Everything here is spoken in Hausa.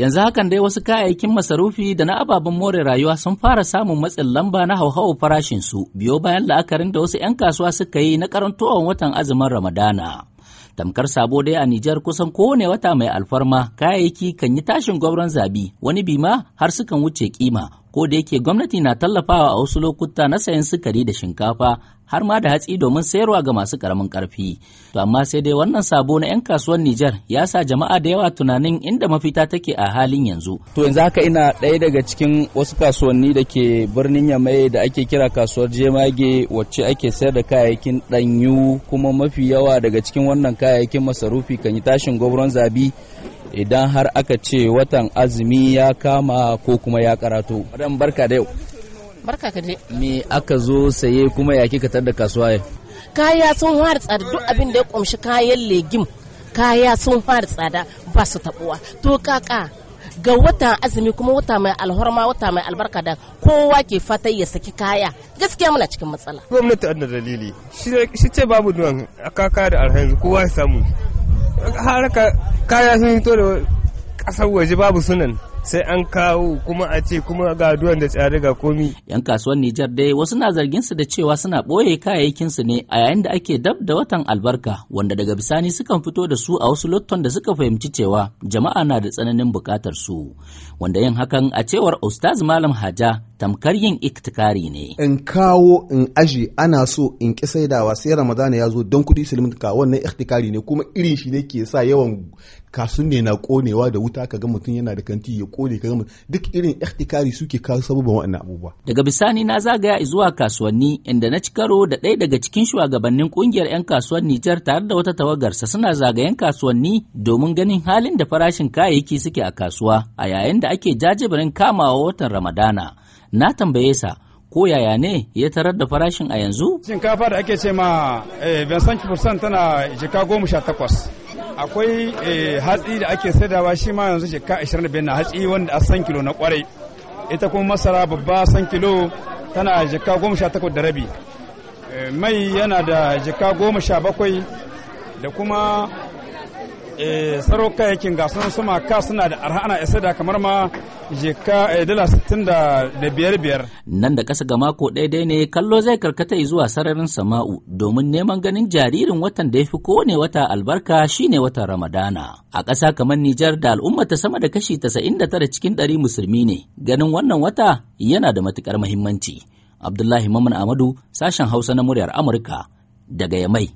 Yanzu hakan dai wasu kayayyakin masarufi da na ababen more rayuwa sun fara samun matsin lamba na hauhawar farashinsu biyo bayan la'akarin da wasu 'yan kasuwa suka yi na karantowar watan azumin Ramadana. tamkar sabo dai a Nijar kusan kowane wata mai alfarma kayayyaki kan yi tashin gwabron zabi wani bima har sukan wuce kima ko da yake gwamnati na tallafawa a wasu lokuta na sayan sukari da shinkafa har ma da hatsi domin sayarwa ga masu karamin karfi to amma sai dai wannan sabo na 'yan kasuwar Nijar ya sa jama'a da yawa tunanin inda mafita take a halin yanzu to yanzu haka ina ɗaya daga cikin wasu kasuwanni da ke birnin Yamai da ake kira kasuwar Jemage wacce ake sayar da kayayyakin ɗanyu kuma mafi yawa daga cikin wannan kayayyakin masarufi kan yi tashin gwabron zabi idan har aka ce watan azumi ya kama ko kuma ya karato madan barka da yau barka ka dai me aka zo saye kuma ya kika tar da kasuwa yau kaya sun fara tsada duk abin da ya kumshi kayan legim kaya sun fara tsada ba su tabuwa to kaka ga watan azumi kuma wata mai alhorma wata mai albarka da kowa ke fatan ya saki kaya gaskiya muna cikin matsala gwamnati an da dalili shi ce babu duwan a kaka da alhanzu kowa ya samu ka kaya sun hito da kasar waje babu sunan sai an kawo kuma a ce kuma ga duwan da tsari ga komi. Yan kasuwar Nijar dai wasu na zargin su da cewa suna ɓoye su ne a yayin da ake dab da watan albarka wanda daga bisani sukan fito da su a wasu lotton da suka fahimci cewa jama'a na da tsananin bukatar su wanda yin hakan a cewar Ustaz Malam Haja tamkar yin iktikari ne. In kawo in aji ana so in ki saidawa sai Ramadana ya zo don kuɗi silmin ka wannan iktikari ne kuma irin shi ne ke sa yawan kasu ne na konewa da wuta kaga mutum yana da kanti ya kone kaga duk irin iktikari suke kawo sababan waɗannan abubuwa. Daga bisani na zagaya zuwa kasuwanni inda na ci karo da ɗaya daga cikin shugabannin ƙungiyar 'yan kasuwar Nijar tare da wata tawagarsa suna zagayen kasuwanni domin ganin halin da farashin kayayyaki suke a kasuwa a yayin da ake jajibirin kamawa watan Ramadana. na tambaye sa ko yaya ne ya tarar da farashin a yanzu? Shinkafa da ake ce ma eh, Vincent Fursan tana jika goma sha takwas. Akwai eh, hatsi da ake saidawa shi ma yanzu jika ashirin da na hatsi wanda a san kilo na kwarai. Ita kuma masara babba san kilo tana jika goma sha takwas da rabi. Eh, mai yana da jika goma sha bakwai da kuma Eh, tsaro kayayyakin ga sun suma ka suna da arha ana isa da kamar ma jeka eh, dala sittin da biyar biyar. Nan da kasa ga mako ɗaya ne kallo zai karkata zuwa sararin sama'u domin neman ganin jaririn watan da ya fi kowane wata albarka shine watan Ramadana. A ƙasa kamar Nijar da al'umma ta sama da kashi tasa'in da tara cikin ɗari musulmi ne ganin wannan wata yana da matuƙar muhimmanci. Abdullahi Maman Amadu sashen Hausa na muryar Amurka daga Yamai.